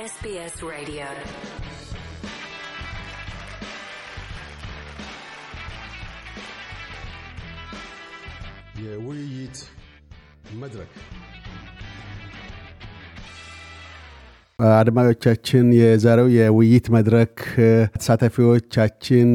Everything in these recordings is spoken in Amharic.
SBS Radio. eat መድረክ አድማጮቻችን፣ የዛሬው የውይይት መድረክ ተሳታፊዎቻችን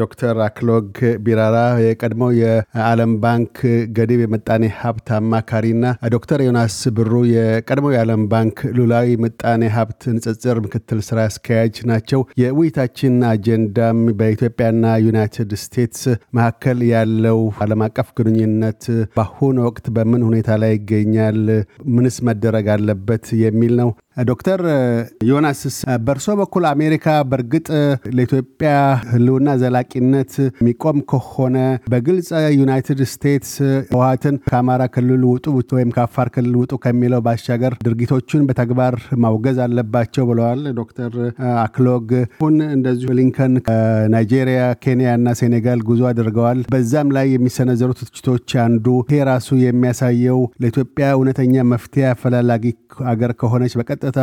ዶክተር አክሎግ ቢራራ የቀድሞው የዓለም ባንክ ገዲብ የመጣኔ ሀብት አማካሪና ዶክተር ዮናስ ብሩ የቀድሞው የዓለም ባንክ ሉላዊ ምጣኔ ሀብት ንጽጽር ምክትል ስራ አስኪያጅ ናቸው። የውይይታችን አጀንዳም በኢትዮጵያና ዩናይትድ ስቴትስ መካከል ያለው ዓለም አቀፍ ግንኙነት በአሁኑ ወቅት በምን ሁኔታ ላይ ይገኛል፣ ምንስ መደረግ አለበት የሚል ነው። ዶክተር ዮናስስ በእርሶ በኩል አሜሪካ በእርግጥ ለኢትዮጵያ ህልውና ዘላቂነት የሚቆም ከሆነ በግልጽ ዩናይትድ ስቴትስ ህወሀትን ከአማራ ክልል ውጡ ወይም ከአፋር ክልል ውጡ ከሚለው ባሻገር ድርጊቶቹን በተግባር ማውገዝ አለባቸው ብለዋል ዶክተር አክሎግ። ሁን እንደዚሁ ሊንከን ናይጄሪያ ኬንያ እና ሴኔጋል ጉዞ አድርገዋል። በዛም ላይ የሚሰነዘሩ ትችቶች አንዱ ይሄ ራሱ የሚያሳየው ለኢትዮጵያ እውነተኛ መፍትሄ አፈላላጊ አገር ከሆነች በቀጥ በቀጥታ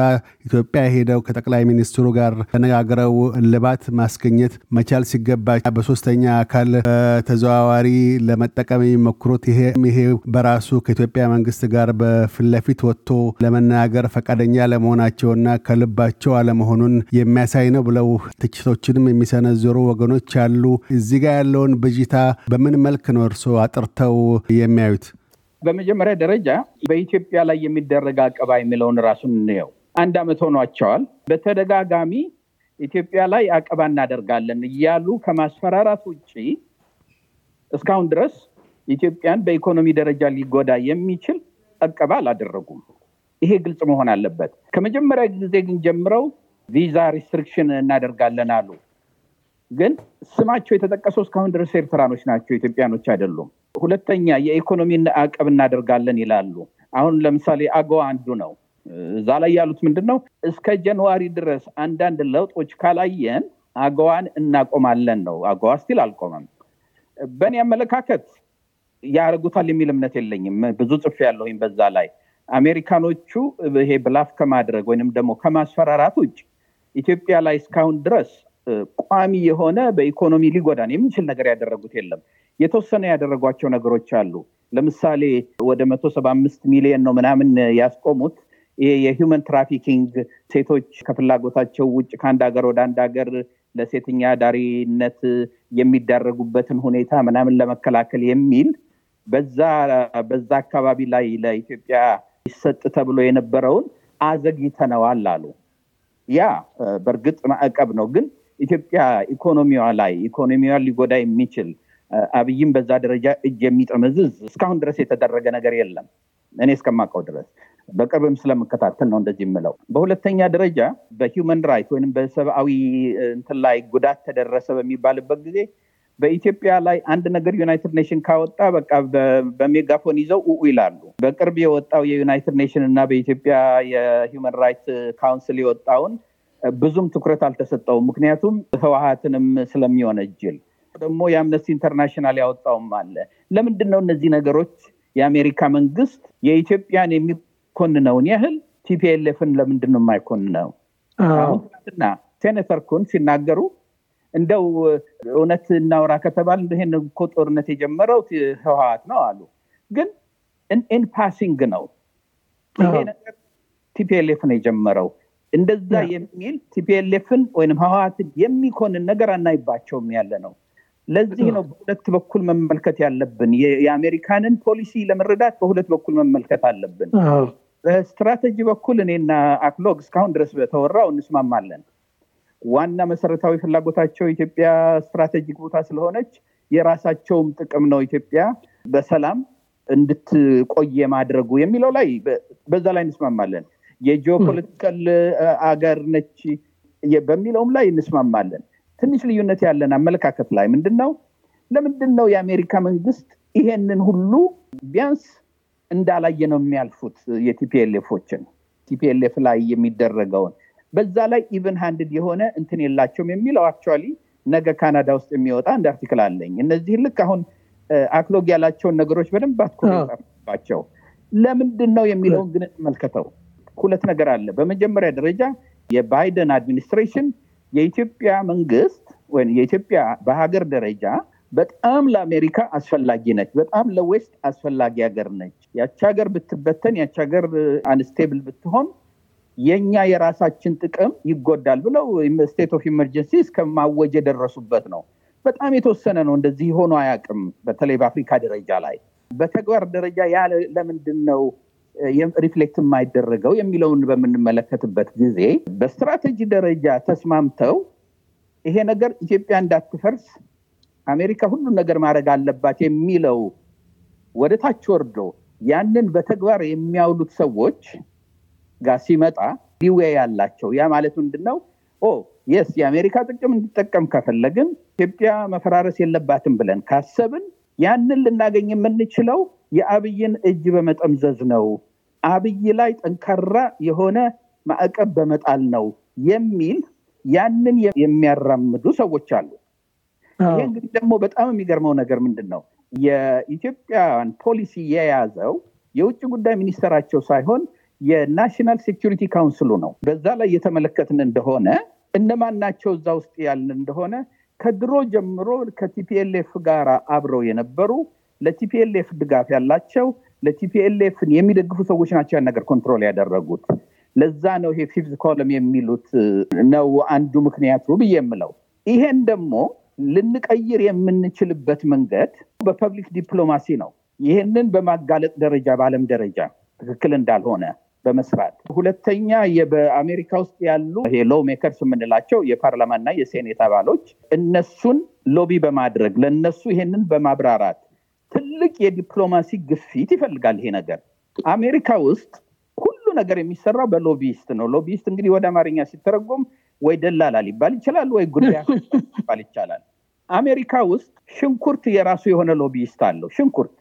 ኢትዮጵያ ሄደው ከጠቅላይ ሚኒስትሩ ጋር ተነጋግረው እልባት ማስገኘት መቻል ሲገባቸው በሶስተኛ አካል ተዘዋዋሪ ለመጠቀም የሚሞክሩት ይሄ በራሱ ከኢትዮጵያ መንግስት ጋር በፊትለፊት ወጥቶ ለመናገር ፈቃደኛ ለመሆናቸውና ከልባቸው አለመሆኑን የሚያሳይ ነው ብለው ትችቶችንም የሚሰነዝሩ ወገኖች አሉ። እዚህ ጋር ያለውን ብዥታ በምን መልክ ነው እርስዎ አጥርተው የሚያዩት? በመጀመሪያ ደረጃ በኢትዮጵያ ላይ የሚደረግ አቀባ የሚለውን ራሱን እንየው። አንድ አመት ሆኗቸዋል። በተደጋጋሚ ኢትዮጵያ ላይ አቀባ እናደርጋለን እያሉ ከማስፈራራት ውጭ እስካሁን ድረስ ኢትዮጵያን በኢኮኖሚ ደረጃ ሊጎዳ የሚችል አቀባ አላደረጉም። ይሄ ግልጽ መሆን አለበት። ከመጀመሪያ ጊዜ ግን ጀምረው ቪዛ ሪስትሪክሽን እናደርጋለን አሉ። ግን ስማቸው የተጠቀሰው እስካሁን ድረስ ኤርትራኖች ናቸው፣ ኢትዮጵያኖች አይደሉም። ሁለተኛ የኢኮኖሚን አቀብ እናደርጋለን ይላሉ። አሁን ለምሳሌ አገዋ አንዱ ነው። እዛ ላይ ያሉት ምንድን ነው? እስከ ጀንዋሪ ድረስ አንዳንድ ለውጦች ካላየን አገዋን እናቆማለን ነው። አገዋ ስቲል አልቆመም። በእኔ አመለካከት ያደርጉታል የሚል እምነት የለኝም። ብዙ ጽፍ ያለሁኝ በዛ ላይ አሜሪካኖቹ ይሄ ብላፍ ከማድረግ ወይንም ደግሞ ከማስፈራራት ውጭ ኢትዮጵያ ላይ እስካሁን ድረስ ቋሚ የሆነ በኢኮኖሚ ሊጎዳን የሚችል ነገር ያደረጉት የለም። የተወሰነ ያደረጓቸው ነገሮች አሉ። ለምሳሌ ወደ መቶ ሰባ አምስት ሚሊዮን ነው ምናምን ያስቆሙት ይሄ የሂውመን ትራፊኪንግ ሴቶች ከፍላጎታቸው ውጭ ከአንድ ሀገር ወደ አንድ ሀገር ለሴተኛ ዳሪነት የሚዳረጉበትን ሁኔታ ምናምን ለመከላከል የሚል በዛ በዛ አካባቢ ላይ ለኢትዮጵያ ይሰጥ ተብሎ የነበረውን አዘግይተነዋል አሉ። ያ በእርግጥ ማዕቀብ ነው፣ ግን ኢትዮጵያ ኢኮኖሚዋ ላይ ኢኮኖሚዋ ሊጎዳ የሚችል አብይም በዛ ደረጃ እጅ የሚጠመዝዝ እስካሁን ድረስ የተደረገ ነገር የለም እኔ እስከማውቀው ድረስ በቅርብም ስለምከታተል ነው እንደዚህ የምለው። በሁለተኛ ደረጃ በሂውመን ራይት ወይም በሰብአዊ እንትን ላይ ጉዳት ተደረሰ በሚባልበት ጊዜ በኢትዮጵያ ላይ አንድ ነገር ዩናይትድ ኔሽን ካወጣ በቃ በሜጋፎን ይዘው ኡ ይላሉ። በቅርብ የወጣው የዩናይትድ ኔሽን እና በኢትዮጵያ የሂውመን ራይት ካውንስል የወጣውን ብዙም ትኩረት አልተሰጠውም። ምክንያቱም ህወሀትንም ስለሚሆነ እጅል ደግሞ የአምነስቲ ኢንተርናሽናል ያወጣውም አለ። ለምንድን ነው እነዚህ ነገሮች የአሜሪካ መንግስት የኢትዮጵያን የሚኮንነውን ያህል ቲፒኤልኤፍን ለምንድን ነው የማይኮንነው? አሁንና ሴኔተር ኩን ሲናገሩ እንደው እውነት እናውራ ከተባል ይሄን እኮ ጦርነት የጀመረው ህወሀት ነው አሉ። ግን ኢንፓሲንግ ነው ይሄ ነገር ነው የጀመረው እንደዛ የሚል ቲፒኤልኤፍን ወይም ህወሀትን የሚኮንን ነገር አናይባቸውም ያለ ነው። ለዚህ ነው በሁለት በኩል መመልከት ያለብን። የአሜሪካንን ፖሊሲ ለመረዳት በሁለት በኩል መመልከት አለብን። በስትራቴጂ በኩል እኔና አክሎግ እስካሁን ድረስ በተወራው እንስማማለን። ዋና መሰረታዊ ፍላጎታቸው ኢትዮጵያ ስትራቴጂክ ቦታ ስለሆነች የራሳቸውም ጥቅም ነው ኢትዮጵያ በሰላም እንድትቆየ ማድረጉ የሚለው ላይ በዛ ላይ እንስማማለን። የጂኦፖለቲካል አገር ነች በሚለውም ላይ እንስማማለን። ትንሽ ልዩነት ያለን አመለካከት ላይ ምንድን ነው ለምንድን ነው የአሜሪካ መንግስት ይሄንን ሁሉ ቢያንስ እንዳላየ ነው የሚያልፉት የቲፒኤልኤፎችን ቲፒኤልኤፍ ላይ የሚደረገውን በዛ ላይ ኢቨን ሃንድድ የሆነ እንትን የላቸውም የሚለው አክቹዋሊ ነገ ካናዳ ውስጥ የሚወጣ እንደ አርቲክል አለኝ እነዚህ ልክ አሁን አክሎግ ያላቸውን ነገሮች በደንብ አትኮባቸው ለምንድን ነው የሚለውን ግን እንመልከተው ሁለት ነገር አለ በመጀመሪያ ደረጃ የባይደን አድሚኒስትሬሽን የኢትዮጵያ መንግስት ወይም የኢትዮጵያ በሀገር ደረጃ በጣም ለአሜሪካ አስፈላጊ ነች። በጣም ለዌስት አስፈላጊ ሀገር ነች። ያቺ ሀገር ብትበተን፣ ያቺ ሀገር አንስቴብል ብትሆን የእኛ የራሳችን ጥቅም ይጎዳል ብለው ስቴት ኦፍ ኢመርጀንሲ እስከማወጅ የደረሱበት ነው። በጣም የተወሰነ ነው። እንደዚህ ሆኖ አያውቅም። በተለይ በአፍሪካ ደረጃ ላይ በተግባር ደረጃ ያ ለምንድን ነው ሪፍሌክት የማይደረገው የሚለውን በምንመለከትበት ጊዜ በስትራቴጂ ደረጃ ተስማምተው ይሄ ነገር ኢትዮጵያ እንዳትፈርስ አሜሪካ ሁሉን ነገር ማድረግ አለባት የሚለው ወደ ታች ወርዶ ያንን በተግባር የሚያውሉት ሰዎች ጋር ሲመጣ ሊዌ ያላቸው ያ ማለት ምንድን ነው? ኦ የስ የአሜሪካ ጥቅም እንዲጠቀም ከፈለግን ኢትዮጵያ መፈራረስ የለባትም ብለን ካሰብን ያንን ልናገኝ የምንችለው የአብይን እጅ በመጠምዘዝ ነው አብይ ላይ ጠንካራ የሆነ ማዕቀብ በመጣል ነው የሚል ያንን የሚያራምዱ ሰዎች አሉ። ይህ እንግዲህ ደግሞ በጣም የሚገርመው ነገር ምንድን ነው? የኢትዮጵያን ፖሊሲ የያዘው የውጭ ጉዳይ ሚኒስተራቸው ሳይሆን የናሽናል ሴኪሪቲ ካውንስሉ ነው። በዛ ላይ የተመለከትን እንደሆነ እነማን ናቸው እዛ ውስጥ ያልን እንደሆነ ከድሮ ጀምሮ ከቲፒኤልኤፍ ጋር አብረው የነበሩ ለቲፒኤልኤፍ ድጋፍ ያላቸው ለቲፒኤልኤፍን የሚደግፉ ሰዎች ናቸው ያን ነገር ኮንትሮል ያደረጉት። ለዛ ነው ይሄ ፊፍዝ ኮለም የሚሉት ነው አንዱ ምክንያቱ ብዬ የምለው። ይሄን ደግሞ ልንቀይር የምንችልበት መንገድ በፐብሊክ ዲፕሎማሲ ነው። ይህንን በማጋለጥ ደረጃ በአለም ደረጃ ትክክል እንዳልሆነ በመስራት ሁለተኛ፣ በአሜሪካ ውስጥ ያሉ ሎ ሜከርስ የምንላቸው የፓርላማና የሴኔት አባሎች እነሱን ሎቢ በማድረግ ለእነሱ ይሄንን በማብራራት ትልቅ የዲፕሎማሲ ግፊት ይፈልጋል ይሄ ነገር። አሜሪካ ውስጥ ሁሉ ነገር የሚሰራው በሎቢስት ነው። ሎቢስት እንግዲህ ወደ አማርኛ ሲተረጎም ወይ ደላላ ሊባል ይችላል፣ ወይ ጉዳይ ሊባል ይቻላል። አሜሪካ ውስጥ ሽንኩርት የራሱ የሆነ ሎቢስት አለው። ሽንኩርት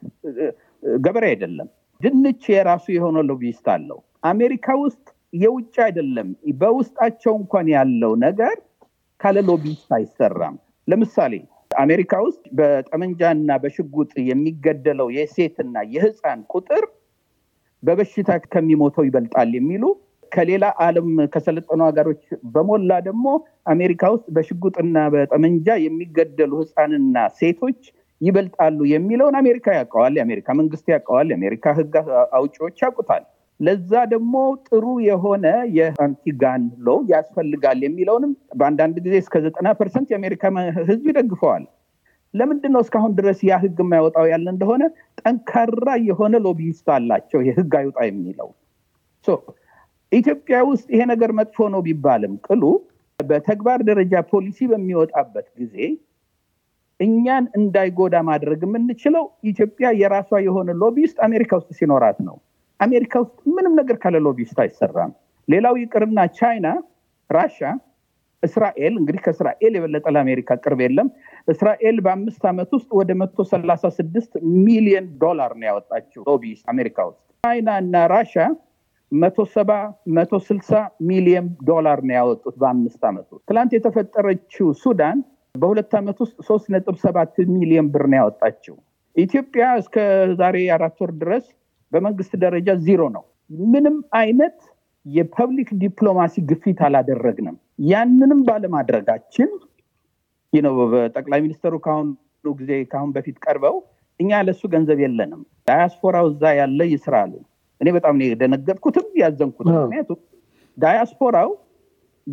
ገበሬ አይደለም። ድንች የራሱ የሆነ ሎቢስት አለው። አሜሪካ ውስጥ የውጭ አይደለም፣ በውስጣቸው እንኳን ያለው ነገር ካለ ሎቢስት አይሰራም። ለምሳሌ አሜሪካ ውስጥ በጠመንጃና በሽጉጥ የሚገደለው የሴትና የህፃን ቁጥር በበሽታ ከሚሞተው ይበልጣል የሚሉ ከሌላ አለም ከሰለጠኑ ሀገሮች በሞላ ደግሞ አሜሪካ ውስጥ በሽጉጥና በጠመንጃ የሚገደሉ ህፃንና ሴቶች ይበልጣሉ የሚለውን አሜሪካ ያውቀዋል። የአሜሪካ መንግስት ያውቀዋል። የአሜሪካ ህግ አውጪዎች ያውቁታል። ለዛ ደግሞ ጥሩ የሆነ የአንቲጋን ሎ ያስፈልጋል የሚለውንም በአንዳንድ ጊዜ እስከ ዘጠና ፐርሰንት የአሜሪካ ህዝብ ይደግፈዋል። ለምንድን ነው እስካሁን ድረስ ያ ህግ የማያወጣው ያለ እንደሆነ ጠንካራ የሆነ ሎቢይስት አላቸው የህግ አይወጣ የሚለው ኢትዮጵያ ውስጥ ይሄ ነገር መጥፎ ነው ቢባልም ቅሉ በተግባር ደረጃ ፖሊሲ በሚወጣበት ጊዜ እኛን እንዳይጎዳ ማድረግ የምንችለው ኢትዮጵያ የራሷ የሆነ ሎቢስት አሜሪካ ውስጥ ሲኖራት ነው። አሜሪካ ውስጥ ምንም ነገር ካለ ሎቢስት አይሰራም። ሌላው ይቅርና ቻይና፣ ራሻ፣ እስራኤል እንግዲህ ከእስራኤል የበለጠ ለአሜሪካ ቅርብ የለም። እስራኤል በአምስት ዓመት ውስጥ ወደ መቶ ሰላሳ ስድስት ሚሊዮን ዶላር ነው ያወጣችው ሎቢስት አሜሪካ ውስጥ። ቻይና እና ራሻ መቶ ሰባ መቶ ስልሳ ሚሊዮን ዶላር ነው ያወጡት በአምስት ዓመት ውስጥ። ትላንት የተፈጠረችው ሱዳን በሁለት ዓመት ውስጥ ሶስት ነጥብ ሰባት ሚሊዮን ብር ነው ያወጣችው። ኢትዮጵያ እስከ ዛሬ አራት ወር ድረስ በመንግስት ደረጃ ዚሮ ነው። ምንም አይነት የፐብሊክ ዲፕሎማሲ ግፊት አላደረግንም። ያንንም ባለማድረጋችን ነው በጠቅላይ ሚኒስትሩ ከአሁኑ ጊዜ ከአሁን በፊት ቀርበው እኛ ለሱ ገንዘብ የለንም ዳያስፖራው እዛ ያለ ይስራ አሉ። እኔ በጣም የደነገጥኩትም ያዘንኩት ምክንያቱም ዳያስፖራው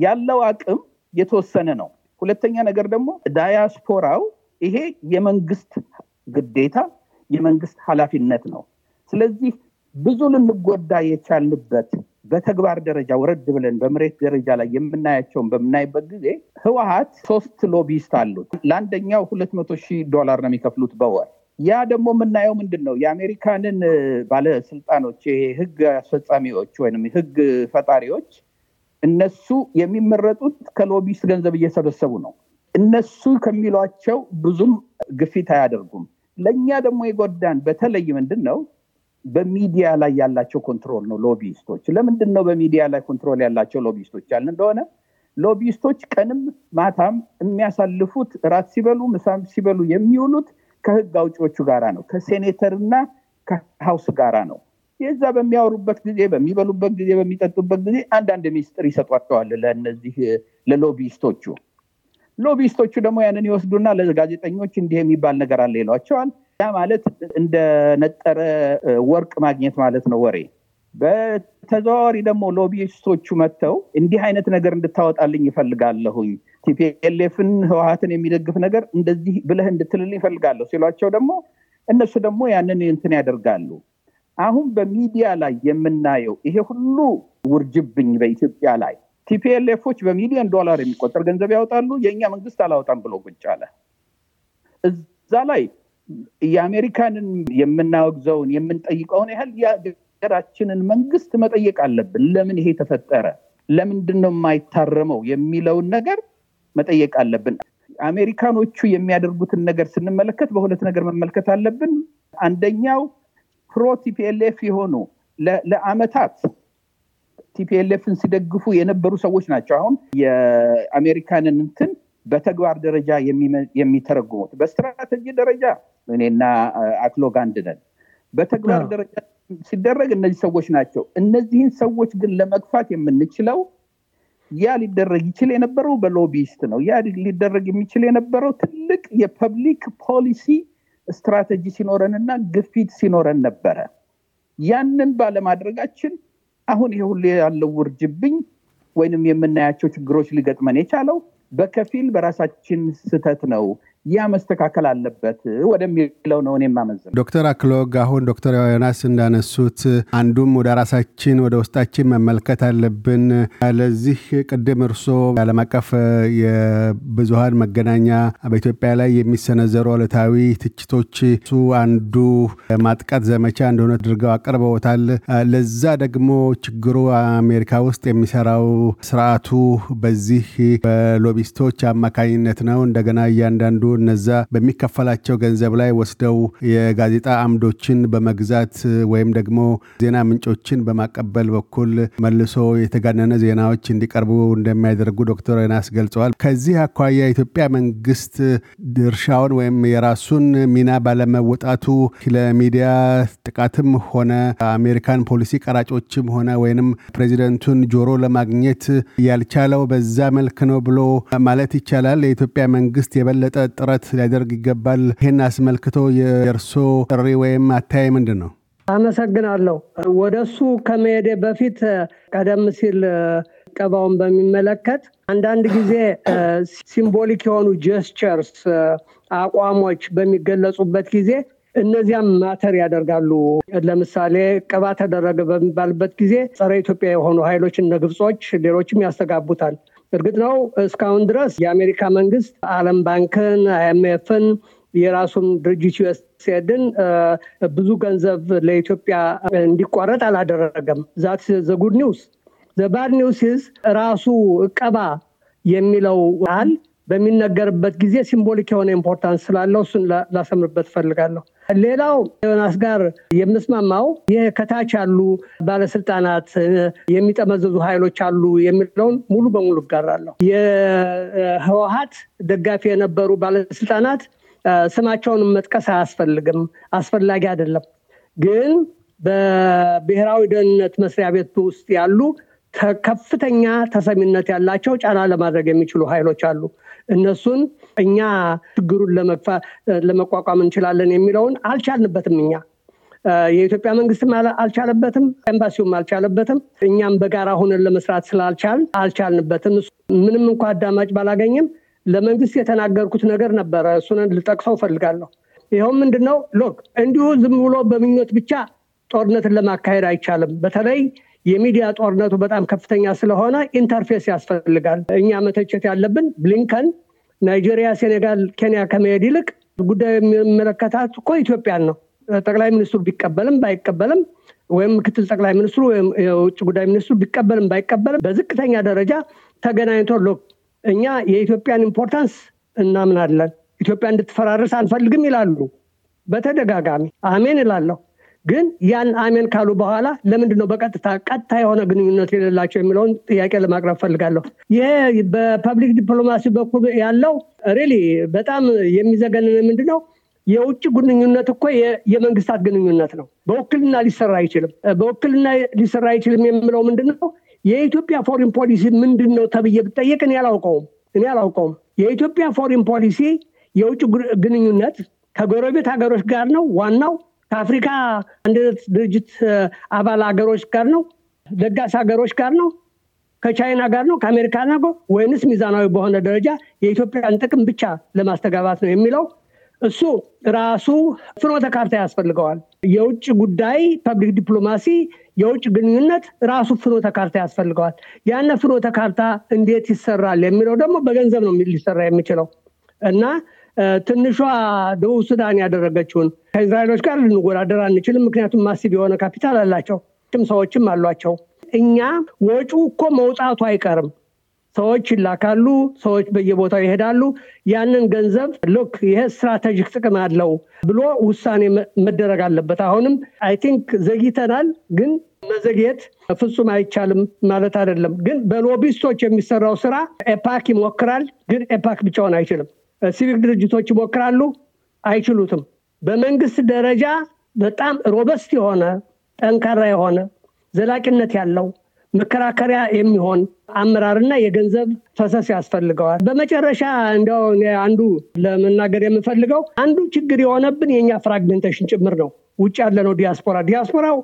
ያለው አቅም የተወሰነ ነው። ሁለተኛ ነገር ደግሞ ዳያስፖራው ይሄ የመንግስት ግዴታ የመንግስት ኃላፊነት ነው። ስለዚህ ብዙ ልንጎዳ የቻልንበት በተግባር ደረጃ ወረድ ብለን በመሬት ደረጃ ላይ የምናያቸውን በምናይበት ጊዜ ህወሀት ሶስት ሎቢስት አሉት። ለአንደኛው ሁለት መቶ ሺህ ዶላር ነው የሚከፍሉት በወር። ያ ደግሞ የምናየው ምንድን ነው? የአሜሪካንን ባለስልጣኖች ህግ አስፈጻሚዎች ወይም ህግ ፈጣሪዎች እነሱ የሚመረጡት ከሎቢስት ገንዘብ እየሰበሰቡ ነው። እነሱ ከሚሏቸው ብዙም ግፊት አያደርጉም። ለእኛ ደግሞ የጎዳን በተለይ ምንድን ነው በሚዲያ ላይ ያላቸው ኮንትሮል ነው ሎቢስቶች። ለምንድን ነው በሚዲያ ላይ ኮንትሮል ያላቸው ሎቢስቶች ያልን እንደሆነ ሎቢስቶች ቀንም ማታም የሚያሳልፉት ራት ሲበሉ ምሳም ሲበሉ የሚውሉት ከህግ አውጪዎቹ ጋራ ነው፣ ከሴኔተርና ከሀውስ ጋራ ነው። የዛ በሚያወሩበት ጊዜ፣ በሚበሉበት ጊዜ፣ በሚጠጡበት ጊዜ አንዳንድ ሚስጥር ይሰጧቸዋል ለእነዚህ ለሎቢስቶቹ። ሎቢስቶቹ ደግሞ ያንን ይወስዱና ለጋዜጠኞች እንዲህ የሚባል ነገር አለ ይሏቸዋል። ያ ማለት እንደ ነጠረ ወርቅ ማግኘት ማለት ነው ወሬ በተዘዋዋሪ ደግሞ ሎቢስቶቹ መጥተው እንዲህ አይነት ነገር እንድታወጣልኝ ይፈልጋለሁኝ ቲፒኤልኤፍን ህወሀትን የሚደግፍ ነገር እንደዚህ ብለህ እንድትልልኝ ይፈልጋለሁ ሲሏቸው ደግሞ እነሱ ደግሞ ያንን እንትን ያደርጋሉ አሁን በሚዲያ ላይ የምናየው ይሄ ሁሉ ውርጅብኝ በኢትዮጵያ ላይ ቲፒኤልኤፎች በሚሊዮን ዶላር የሚቆጠር ገንዘብ ያወጣሉ የእኛ መንግስት አላወጣም ብሎ ቁጭ አለ እዛ ላይ የአሜሪካንን የምናወግዘውን የምንጠይቀውን ያህል የሀገራችንን መንግስት መጠየቅ አለብን። ለምን ይሄ ተፈጠረ? ለምንድን ነው የማይታረመው የሚለውን ነገር መጠየቅ አለብን። አሜሪካኖቹ የሚያደርጉትን ነገር ስንመለከት በሁለት ነገር መመልከት አለብን። አንደኛው ፕሮ ቲፒኤልኤፍ የሆኑ ለአመታት ቲፒኤልኤፍን ሲደግፉ የነበሩ ሰዎች ናቸው። አሁን የአሜሪካንን እንትን በተግባር ደረጃ የሚተረጉሙት። በስትራቴጂ ደረጃ እኔና አክሎግ አንድ ነን። በተግባር ደረጃ ሲደረግ እነዚህ ሰዎች ናቸው። እነዚህን ሰዎች ግን ለመግፋት የምንችለው ያ ሊደረግ ይችል የነበረው በሎቢስት ነው። ያ ሊደረግ የሚችል የነበረው ትልቅ የፐብሊክ ፖሊሲ ስትራቴጂ ሲኖረንና ግፊት ሲኖረን ነበረ። ያንን ባለማድረጋችን አሁን ይሄ ሁሉ ያለው ውርጅብኝ ወይንም የምናያቸው ችግሮች ሊገጥመን የቻለው በከፊል በራሳችን ስህተት ነው ያ መስተካከል አለበት ወደሚለው ነው እኔ ማመዝነው። ዶክተር አክሎግ አሁን ዶክተር ዮናስ እንዳነሱት አንዱም ወደ ራሳችን ወደ ውስጣችን መመልከት አለብን። ለዚህ ቅድም እርሶ ዓለም አቀፍ የብዙሀን መገናኛ በኢትዮጵያ ላይ የሚሰነዘሩ አሉታዊ ትችቶች እሱ አንዱ ማጥቃት ዘመቻ እንደሆነ አድርገው አቅርበውታል። ለዛ ደግሞ ችግሩ አሜሪካ ውስጥ የሚሰራው ስርዓቱ በዚህ በሎቢስቶች አማካኝነት ነው። እንደገና እያንዳንዱ እነዛ በሚከፈላቸው ገንዘብ ላይ ወስደው የጋዜጣ አምዶችን በመግዛት ወይም ደግሞ ዜና ምንጮችን በማቀበል በኩል መልሶ የተጋነነ ዜናዎች እንዲቀርቡ እንደሚያደርጉ ዶክተር ዮናስ ገልጸዋል። ከዚህ አኳያ የኢትዮጵያ መንግስት ድርሻውን ወይም የራሱን ሚና ባለመወጣቱ ለሚዲያ ጥቃትም ሆነ አሜሪካን ፖሊሲ ቀራጮችም ሆነ ወይንም ፕሬዚደንቱን ጆሮ ለማግኘት ያልቻለው በዛ መልክ ነው ብሎ ማለት ይቻላል። የኢትዮጵያ መንግስት የበለጠ ጥረት ሊያደርግ ይገባል። ይህን አስመልክቶ የእርሶ ጥሪ ወይም አታይ ምንድን ነው? አመሰግናለሁ። ወደ እሱ ከመሄዴ በፊት ቀደም ሲል ቀባውን በሚመለከት አንዳንድ ጊዜ ሲምቦሊክ የሆኑ ጀስቸርስ አቋሞች በሚገለጹበት ጊዜ እነዚያም ማተር ያደርጋሉ። ለምሳሌ ቅባ ተደረገ በሚባልበት ጊዜ ጸረ ኢትዮጵያ የሆኑ ኃይሎች እነ ግብጾች፣ ሌሎችም ያስተጋቡታል። እርግጥ ነው እስካሁን ድረስ የአሜሪካ መንግስት አለም ባንክን አይምኤፍን የራሱን ድርጅት ዩስሴድን ብዙ ገንዘብ ለኢትዮጵያ እንዲቋረጥ አላደረገም። ዛት ዘጉድ ኒውስ። ዘባድ ኒውስ ራሱ እቀባ የሚለው ቃል በሚነገርበት ጊዜ ሲምቦሊክ የሆነ ኢምፖርታንስ ስላለው እሱን ላሰምርበት ፈልጋለሁ ሌላው ዮናስ ጋር የምስማማው ይህ ከታች ያሉ ባለስልጣናት የሚጠመዘዙ ኃይሎች አሉ የሚለውን ሙሉ በሙሉ እጋራለሁ። የህወሀት ደጋፊ የነበሩ ባለስልጣናት ስማቸውን መጥቀስ አያስፈልግም፣ አስፈላጊ አይደለም። ግን በብሔራዊ ደህንነት መስሪያ ቤት ውስጥ ያሉ ከፍተኛ ተሰሚነት ያላቸው ጫና ለማድረግ የሚችሉ ኃይሎች አሉ። እነሱን እኛ ችግሩን ለመቋቋም እንችላለን የሚለውን አልቻልንበትም እኛ የኢትዮጵያ መንግስትም አልቻለበትም፣ ኤምባሲውም አልቻለበትም። እኛም በጋራ ሆነን ለመስራት ስላልቻል አልቻልንበትም። ምንም እንኳ አዳማጭ ባላገኝም ለመንግስት የተናገርኩት ነገር ነበረ። እሱን ልጠቅሰው ፈልጋለሁ ይኸውም ምንድነው ሎክ እንዲሁ ዝም ብሎ በምኞት ብቻ ጦርነትን ለማካሄድ አይቻልም። በተለይ የሚዲያ ጦርነቱ በጣም ከፍተኛ ስለሆነ ኢንተርፌስ ያስፈልጋል። እኛ መተቸት ያለብን ብሊንከን ናይጄሪያ፣ ሴኔጋል፣ ኬንያ ከመሄድ ይልቅ ጉዳዩ የሚመለከታት እኮ ኢትዮጵያን ነው። ጠቅላይ ሚኒስትሩ ቢቀበልም ባይቀበልም ወይም ምክትል ጠቅላይ ሚኒስትሩ ወይም የውጭ ጉዳይ ሚኒስትሩ ቢቀበልም ባይቀበልም በዝቅተኛ ደረጃ ተገናኝቶ ሎክ እኛ የኢትዮጵያን ኢምፖርታንስ እናምናለን፣ ኢትዮጵያ እንድትፈራርስ አንፈልግም ይላሉ በተደጋጋሚ። አሜን እላለሁ። ግን ያን አሜን ካሉ በኋላ ለምንድን ነው በቀጥታ ቀጥታ የሆነ ግንኙነት የሌላቸው የሚለውን ጥያቄ ለማቅረብ ፈልጋለሁ። ይሄ በፐብሊክ ዲፕሎማሲ በኩል ያለው ሪሊ በጣም የሚዘገንን ምንድን ነው የውጭ ግንኙነት እኮ የመንግስታት ግንኙነት ነው። በውክልና ሊሰራ አይችልም። በውክልና ሊሰራ አይችልም የምለው ምንድን ነው? የኢትዮጵያ ፎሪን ፖሊሲ ምንድን ነው ተብዬ ብጠየቅ እኔ አላውቀውም እኔ አላውቀውም። የኢትዮጵያ ፎሪን ፖሊሲ የውጭ ግንኙነት ከጎረቤት ሀገሮች ጋር ነው ዋናው ከአፍሪካ አንድነት ድርጅት አባል ሀገሮች ጋር ነው? ደጋስ ሀገሮች ጋር ነው? ከቻይና ጋር ነው? ከአሜሪካ ነው? ወይንስ ሚዛናዊ በሆነ ደረጃ የኢትዮጵያን ጥቅም ብቻ ለማስተጋባት ነው የሚለው እሱ ራሱ ፍኖተ ካርታ ያስፈልገዋል። የውጭ ጉዳይ ፐብሊክ ዲፕሎማሲ፣ የውጭ ግንኙነት ራሱ ፍኖተ ካርታ ያስፈልገዋል። ያነ ፍኖተ ካርታ እንዴት ይሰራል የሚለው ደግሞ በገንዘብ ነው ሊሰራ የሚችለው እና ትንሿ ደቡብ ሱዳን ያደረገችውን ከእስራኤሎች ጋር ልንወዳደር አንችልም። ምክንያቱም ማሲብ የሆነ ካፒታል አላቸው፣ ሰዎችም አሏቸው። እኛ ወጪ እኮ መውጣቱ አይቀርም። ሰዎች ይላካሉ፣ ሰዎች በየቦታው ይሄዳሉ። ያንን ገንዘብ ሎክ ይሄ ስትራቴጂክ ጥቅም አለው ብሎ ውሳኔ መደረግ አለበት። አሁንም አይ ቲንክ ዘግይተናል፣ ግን መዘግየት ፍጹም አይቻልም ማለት አይደለም። ግን በሎቢስቶች የሚሰራው ስራ ኤፓክ ይሞክራል፣ ግን ኤፓክ ብቻውን አይችልም። ሲቪክ ድርጅቶች ይሞክራሉ፣ አይችሉትም። በመንግስት ደረጃ በጣም ሮበስት የሆነ ጠንካራ የሆነ ዘላቂነት ያለው መከራከሪያ የሚሆን አመራርና የገንዘብ ፈሰስ ያስፈልገዋል። በመጨረሻ እንደው አንዱ ለመናገር የምፈልገው አንዱ ችግር የሆነብን የእኛ ፍራግሜንቴሽን ጭምር ነው። ውጭ ያለነው ዲያስፖራ ዲያስፖራው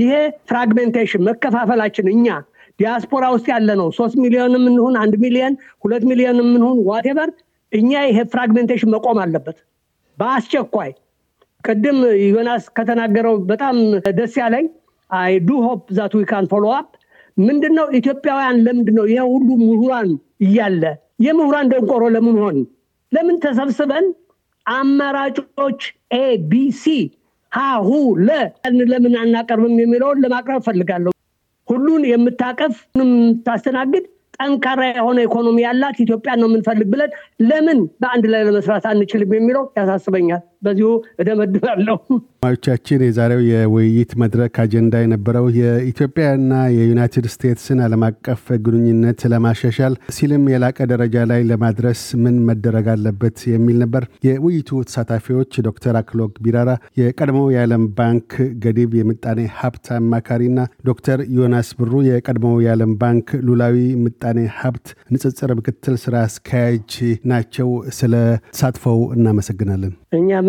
ይሄ ፍራግሜንቴሽን መከፋፈላችን እኛ ዲያስፖራ ውስጥ ያለ ነው ሶስት ሚሊዮን የምንሁን አንድ ሚሊዮን ሁለት ሚሊዮን የምንሁን ዋቴቨር እኛ ይሄ ፍራግሜንቴሽን መቆም አለበት በአስቸኳይ ቅድም ዮናስ ከተናገረው በጣም ደስ ያለኝ አይ ዱ ሆፕ ዛት ዊካን ካን ፎሎ አፕ ምንድነው ኢትዮጵያውያን ለምንድነው ነው ይሄ ሁሉ ምሁራን እያለ የምሁራን ደንቆሮ ለምን ሆን ለምን ተሰብስበን አማራጮች ኤቢሲ ቢ ሀሁ ለ ለምን አናቀርብም የሚለውን ለማቅረብ ፈልጋለሁ ሁሉን የምታቀፍ የምታስተናግድ ጠንካራ የሆነ ኢኮኖሚ ያላት ኢትዮጵያ ነው የምንፈልግ ብለን ለምን በአንድ ላይ ለመስራት አንችልም የሚለው ያሳስበኛል በዚሁ እደመድባለሁ። ማዎቻችን የዛሬው የውይይት መድረክ አጀንዳ የነበረው የኢትዮጵያና የዩናይትድ ስቴትስን ዓለም አቀፍ ግንኙነት ለማሻሻል ሲልም የላቀ ደረጃ ላይ ለማድረስ ምን መደረግ አለበት የሚል ነበር። የውይይቱ ተሳታፊዎች ዶክተር አክሎግ ቢራራ የቀድሞው የዓለም ባንክ ገዲብ የምጣኔ ሀብት አማካሪና ዶክተር ዮናስ ብሩ የቀድሞው የዓለም ባንክ ሉላዊ ምጣኔ ሀብት ንጽጽር ምክትል ስራ አስኪያጅ ናቸው። ስለ ተሳትፎው እናመሰግናለን። እኛም